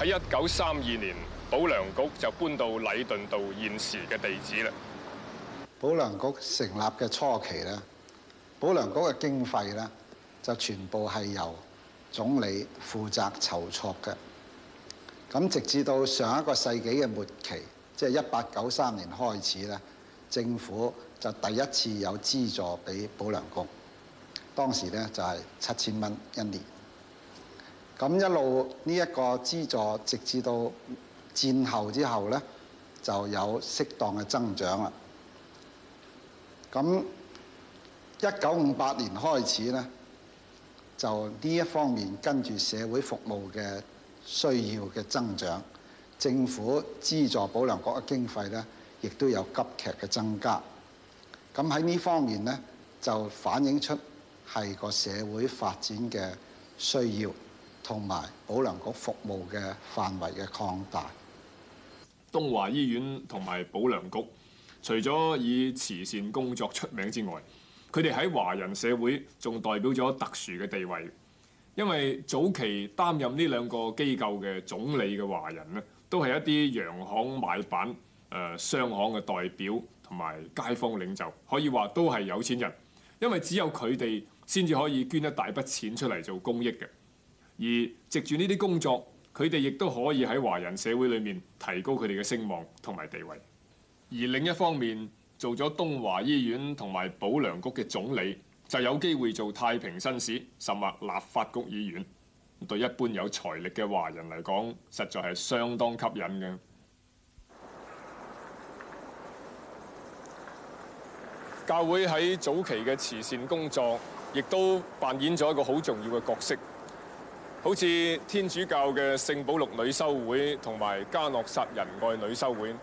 喺一九三二年，保良局就搬到禮頓道現時嘅地址啦。保良局成立嘅初期咧，保良局嘅經費咧就全部係由總理負責籌措嘅。咁直至到上一個世紀嘅末期，即係一八九三年開始咧，政府就第一次有資助俾保良局。當時咧就係七千蚊一年。咁一路呢一個資助，直至到戰後之後呢，就有適當嘅增長啦。咁一九五八年開始呢，就呢一方面跟住社會服務嘅需要嘅增長，政府資助保良局嘅經費呢，亦都有急劇嘅增加。咁喺呢方面呢，就反映出係個社會發展嘅需要。同埋保良局服務嘅範圍嘅擴大，東華醫院同埋保良局除咗以慈善工作出名之外，佢哋喺華人社會仲代表咗特殊嘅地位。因為早期擔任呢兩個機構嘅總理嘅華人呢，都係一啲洋行買辦誒，商行嘅代表，同埋街坊領袖，可以話都係有錢人。因為只有佢哋先至可以捐一大筆錢出嚟做公益嘅。而藉住呢啲工作，佢哋亦都可以喺華人社會裏面提高佢哋嘅聲望同埋地位。而另一方面，做咗東華醫院同埋保良局嘅總理，就有機會做太平紳士，甚或立法局議員。對一般有財力嘅華人嚟講，實在係相當吸引嘅。教會喺早期嘅慈善工作，亦都扮演咗一個好重要嘅角色。好似天主教嘅聖保祿女修會同埋嘉諾撒仁愛女修會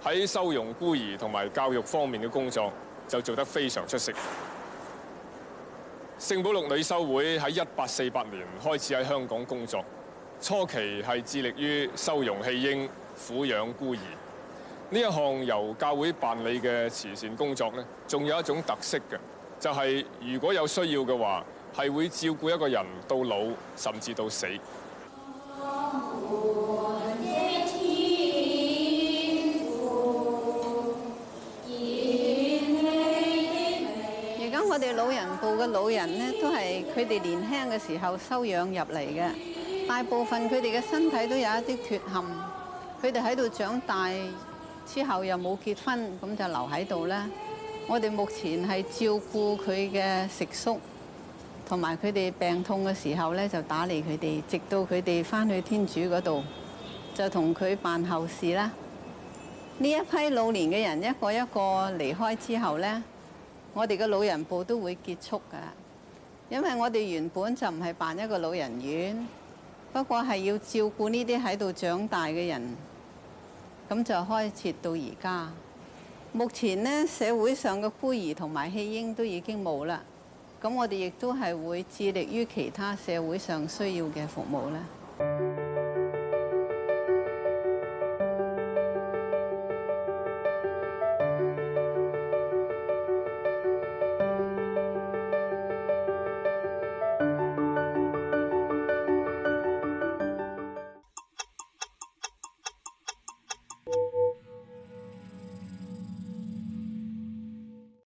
喺收容孤兒同埋教育方面嘅工作就做得非常出色。聖保祿女修會喺一八四八年開始喺香港工作，初期係致力於收容棄嬰、撫養孤兒。呢一項由教會辦理嘅慈善工作咧，仲有一種特色嘅，就係、是、如果有需要嘅話。係會照顧一個人到老，甚至到死。而家我哋老人部嘅老人呢，都係佢哋年輕嘅時候收養入嚟嘅。大部分佢哋嘅身體都有一啲缺陷，佢哋喺度長大之後又冇結婚，咁就留喺度啦。我哋目前係照顧佢嘅食宿。同埋佢哋病痛嘅時候咧，就打理佢哋，直到佢哋返去天主嗰度，就同佢辦後事啦。呢一批老年嘅人一個一個離開之後呢，我哋嘅老人部都會結束㗎。因為我哋原本就唔係辦一個老人院，不過係要照顧呢啲喺度長大嘅人，咁就開設到而家。目前呢，社會上嘅孤兒同埋棄嬰都已經冇啦。咁我哋亦都係會致力於其他社會上需要嘅服務咧。